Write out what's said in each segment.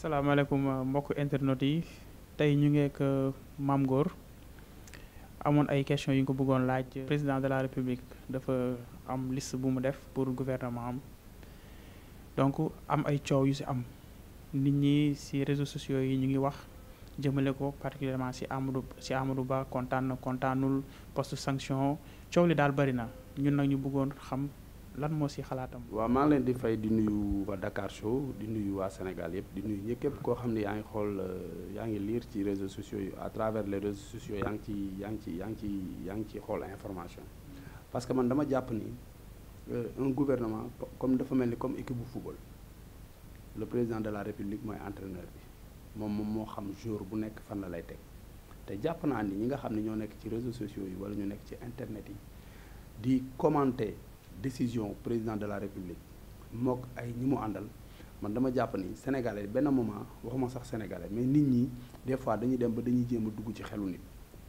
asalaamaaleykum euh, mbokk internet yi tey ñu ngi ak euh, Mame Ngor amoon ay questions yu ñu ko bëggoon laaj président de la république dafa euh, am liste bu mu def pour gouvernement am donc am ay coow yu ci am nit ñi ci réseaux sociaux yi ñu ngi wax jëmale ko particulièrement ci Amadou ci Amadou Ba kontaan na kontaanul poste sanction coow li daal bari na nag ñu bëggoon xam lan moo si xalaatam. waa maa ngi leen di fay di nuyu waa Dakar Show di nuyu waa Sénégal yëpp di nuyu ñëpp képp koo xam ne yaa ngi xool euh, yaa ngi lire ci réseau sociaux yi à travers les réseaux sociaux yaa ngi ci yaa ngi ci yaa ngi ci yaa ngi ci xool information parce que man dama jàpp ni euh, un gouvernement comme dafa mel ni comme équipe bu football le président de la république mooy entraîneur bi moom moom moo xam jour bu nekk fan la lay teg te jàpp naa ni ñi nga xam ne ñoo nekk ci réseaux sociaux yi wala ñu nekk ci internet yi di commenter. décision président de la république mook ay ñi mu àndal man dama jàpp ni sénégalais benn moment waxuma sax sénégalais mais nit ñi des fois dañuy dem ba dañuy jéem a dugg ci xelu nit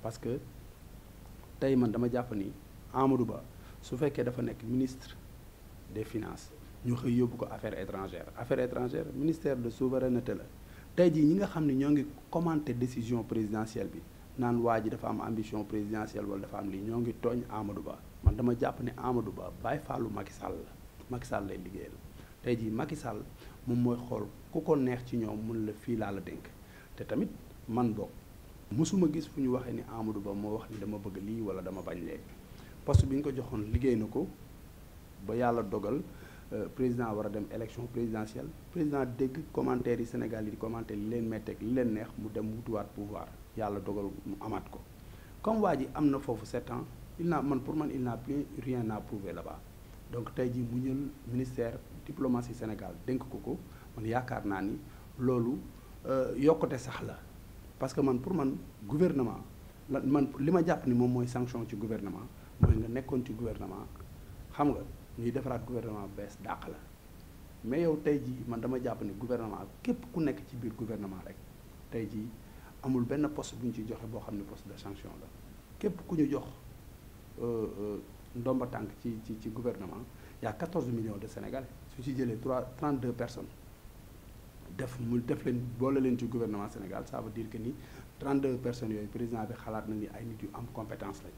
parce que tey man dama jàpp ni Amadou Ba su fekkee dafa nekk ministre des finance ñu xëy yóbbu ko affaire étrangère affaire étrangère ministère de souveraineté la tey jii ñi nga xam ne ñoo ngi commenter décision présidentielle bi naan waa ji dafa am ambition présidentielle wala dafa am lii ñoo ngi tooñ Amadou Ba man dama jàpp ne Amadou Ba bàyyi faalu Macky Sall la Sall lay liggéeyal tey jii Macky Sall moom mooy xool ku ko neex ci ñoom mun la fii laa la dénk te tamit man bokk mosuma gis fu ñu waxee ni Amadou Ba moo wax ni dama bëgg lii wala dama bañ lee poste bi ñu ko joxoon liggéey na ko ba yàlla dogal euh, président war a dem élection présidentielle président dégg commentaire yi Sénégal yi di commentaire li leen metteeg li leen neex mu dem wutuwaat pouvoir yàlla dogal mu amaat ko am na foofu sept il n'a man pour man il n'a plus rien à prouver là-bas donc tey jii mu ñël ministère diplomatie Sénégal dénk ko ko man yaakaar naa ni loolu euh, yokkute sax la parce que man pour man gouvernement lan man li ma jàpp ni moom mooy sanction ci gouvernement mooy nga nekkoon ci gouvernement xam nga ñuy defaraat gouvernement bees dàq la mais yow tey jii man dama jàpp ni gouvernement képp ku nekk ci biir gouvernement rek tey jii amul benn poste bu ñu ci joxe boo xam ne post d sanction la képp ku ñu jox Euh, euh, ndomba tànk ci ci ci gouvernement y a 14 de Sénégalais su ci jëlee 3 32 personnes def mu def leen boole leen ci gouvernement Sénégal ça diir dire que ni 32 personnes yooyu président bi xalaat na ni ay nit yu am compétence lañ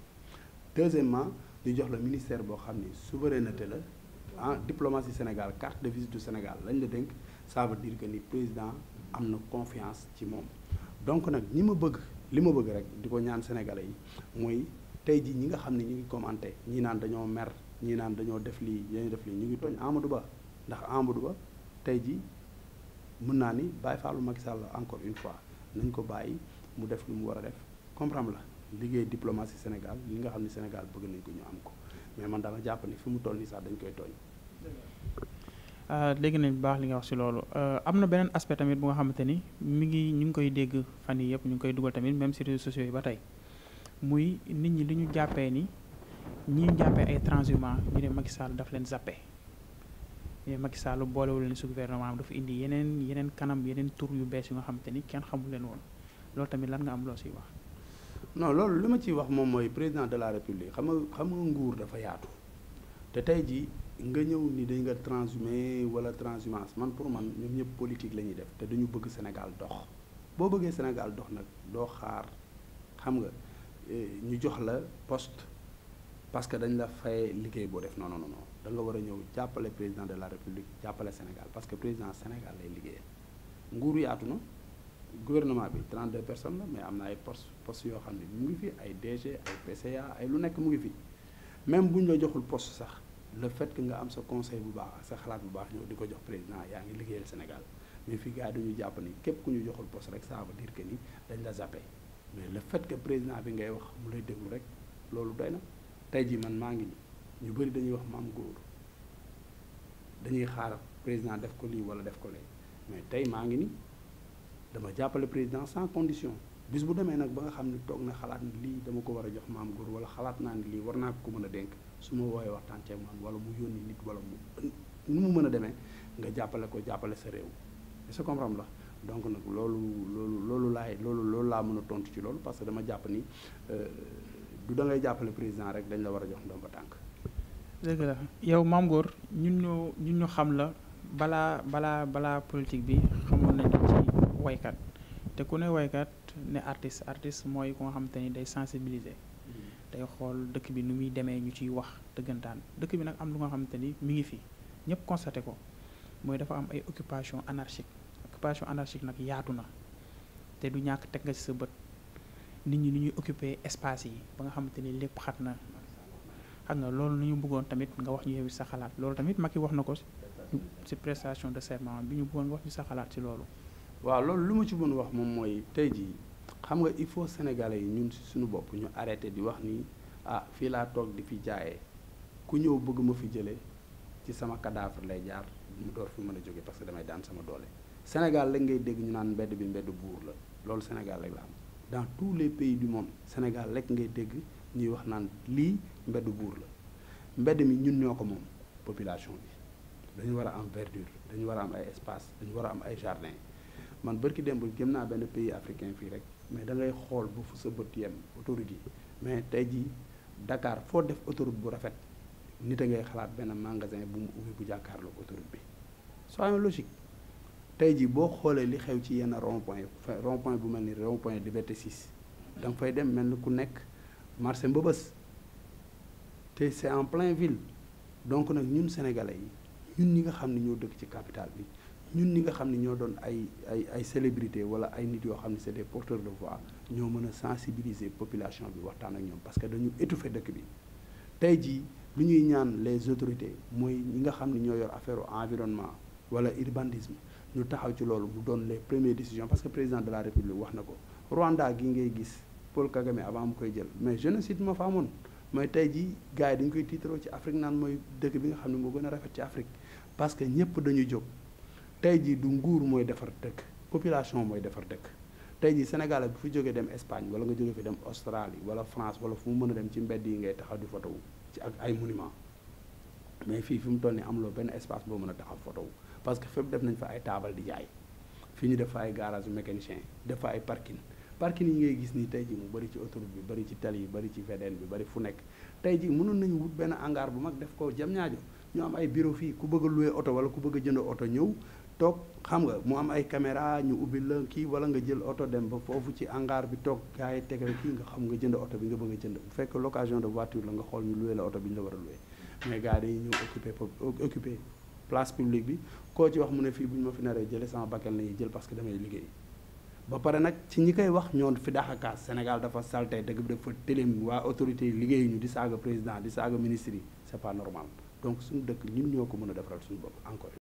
deuxièmement ñu jox la ministère boo xam ni souveraineté la ah diplomatie Sénégal carte de visite du Sénégal lañ la dénk ça diir dire que ni président am na confiance ci moom donc nag ñi ma bëgg li ma bëgg rek di ko ñaan sénégalais yi mooy. tey jii ñi nga xam ne ñu ngi commenté ñii naan dañoo mer ñii naan dañoo def lii dañoo def lii ñu ngi tooñ Amadou Ba ndax du Ba tey jii mën naa ni bàyyi faalu Macky Sall encore une fois nañ ko bàyyi mu def lu mu war a def comprendre la liggéey diplomatie Sénégal ñi nga xam ne Sénégal bëgg nañ ko ñu am ko mais man dama jàpp ni fi mu toll nii sax dañ koy tooñ. Euh, dégg nañ bu baax li nga wax ci loolu euh, am na beneen aspect tamit bu nga xamante ni mu ngi ñu ngi koy dégg fan yii ñu ngi koy dugal tamit même si réseaux sociaux ba tey. muy nit ñi li ñu jàppee ni ñi ñu jàppee ay transhumants ñu ne Macky Sall daf leen zappé ñu ne Macky Sall boolewul leen su gouvernement am dafa indi yeneen yeneen kanam yeneen tur yu bees yu nga xamante ni kenn xamul leen woon loolu tamit lan nga am loo siy wax. non loolu li ma ciy wax moom mooy président de la république xam nga xam nga nguur dafa yaatu te tey jii nga ñëw ni dañ nga transhumé wala transhumance man pour man ñoom ñëpp politique la ñuy def te dañu bëgg Sénégal dox boo bëggee Sénégal dox nag doo xaar xam nga. Eh, ñu jox la poste parce que dañ la fay liggéey boo def non non non da nga war a ñëw jàppale président de la république jàppale Sénégal parce que président Sénégal lay liggéeyee nguuru yaatu na gouvernement bi 32 personnes la mais am na ay poste post yoo xam ne mu ngi fi ay DG ay PCA ay lu nekk mu ngi fi même bu ñu la joxul post sax le fet que nga am sa conseil bu baax sa xalaat bu baax ñëw di ko jox président yaa ngi liggéeyal Sénégal mais fii gars yi jàpp ni képp ku ñu joxul poste rek ça veut dire que ni dañ la zappé. mais le fait que président bi ngay wax mu lay déglu rek loolu doy na tey jii man maa ngi ñu bëri dañuy wax maam góor dañuy xaar président def ko lii wala def ko lee mais tey maa ngi ni dama jàppale président sans condition bis bu demee nag ba nga xam ne toog na xalaat ni lii dama ko war a jox maam góor wala xalaat naa ni lii war naa ko mën a dénk su ma woowee waxtaan ceeg man wala mu yónni nit wala mu nu mu mën a demee nga jàppale ko jàppale sa réew sa comprendre la donc nag loolu loolu loolu laay loolu loolu laa mën a tontu ci loolu parce que dama jàpp ni euh, du da ngay jàppale président rek dañ la war a jox ndomba tànk. yow Mame Gor ñun ñoo ñun ñu xam la balaa balaa balaa politique bi xamoon nañ ci waykat te ku ne woykat ne artiste artiste mooy ku nga xamante ni day sensibiliser. Mm-hmm. day xool dëkk bi nu muy demee ñu ciy wax dëggantaan dëkk bi nag am lu nga xamante ni mi ngi fi ñëpp constaté ko mooy dafa am ay occupation anarchique occupation anarchique nag yaatu na te du ñàkk teg nga ci sa bët nit ñi ni ñuy occuper espace yi ba nga xamante ni lépp xat na xam na loolu ni ñu bëggoon tamit nga wax ñu yow sa xalaat loolu tamit Macky wax na ko si prestation de serment bi ñu bëggoon nga wax ñu sa xalaat ci loolu. waaw loolu lu ma ci mën wax moom mooy tey jii xam nga il faut sénégalais yi ñun ci suñu bopp ñu arrêté di wax ni ah fii laa toog di fi jaaye ku ñëw bëgg ma fi jëlee ci sama cadavre lay jaar mu door fi mën a jóge parce que damay daan sama doole. Sénégal rek ngay dégg ñu naan mbedd bi mbedd buur la loolu Sénégal rek la am dans tous les pays du monde Sénégal rek ngay dégg ñuy wax naan lii mbedd buur la mbedd mi ñun ñoo ko moom population bi dañu war a am verdure dañu war a am ay espace dañu war a am ay jardin man bërki démb gëm naa benn pays africain fii rek mais da ngay xool ba fu sa bët yem autoroute yi mais tey jii dakaar foo def autoroute bu rafet nit a ngay xalaat benn magasin bu u bu jàkkaarloo autoroute bi tey jii boo xoolee li xew ci yenn rond point rond point bu mel ni rond point liberté 6 da nga fay dem mel ni ku nekk marché mbëbës te c'est en plein ville donc nag ñun sénégalais yi ñun ñi nga xam ne ñoo dëkk ci capital bi ñun ñi nga xam ne ñoo doon ay ay ay célébrité wala ay nit yoo xam ne c'est des porteurs de voix ñoo mën a sensibiliser population bi waxtaan ak ñoom parce que dañu étouffé dëkk bi tey jii lu ñuy ñaan les autorités mooy ñi nga xam ne ñoo yor affaire environnement wala urbanisme ñu taxaw ci loolu mu doon les premières décisions parce que président de la république wax na ko Rwanda gi ngay gis Paul Kagame avant mu koy jël mais génocide moo fa amoon mooy tey jii gars yi dañu koy tiitaroo ci Afrique naan mooy dëkk bi nga xam ne moo gën a rafet que ñëpp dañu jóg tey jii du nguur mooy defar dëkk population mooy defar dëkk tey jii Sénégal bu fi jógee dem Espagne wala nga jógee fi dem Australie wala France wala fu mu mën a dem ci mbedd yi ngay taxaw di photo wu ci ak ay monument mais fii fi mu toll nii amuloo benn espace boo mën a taxaw photo wu parce que fépp def nañ fa ay taabal di jaay fi ñu def ay garage mécanicien def ay parking parking yi ngay gis ni tey ji mu bëri ci autoroute bi bëri ci tali yi bëri ci VDN bi bëri fu nekk tey ji mënoon nañu wut benn hangar bu mag def ko jam ñaajo ñu am ay bureau fii ku bëgg a louer oto wala ku bëgg jënd oto ñëw toog xam nga mu am ay caméra ñu ubbi la kii wala nga jël oto dem ba foofu ci hangar bi toog gars yi tegal kii nga xam nga jënd oto bi nga bëgg a jënd bu fekk l'occasion de nga xool ñu louer la oto war a louer mais gars dañuy ñëw occupé place publique bi koo ci wax mu ne fii bu ñu ma fi naree jëlee sama bakkan la ñuy jël parce que damay liggéey ba pare nag ci ñi koy wax ñoon fi dax akaas Sénégal dafa salte dëgg bi dafa tëlem waa autorité yi liggéey ñu di saaga président di saaga ministre yi c'est pas normal donc suñu dëkk ñun ñoo ko mën a defaral suñu bopp encore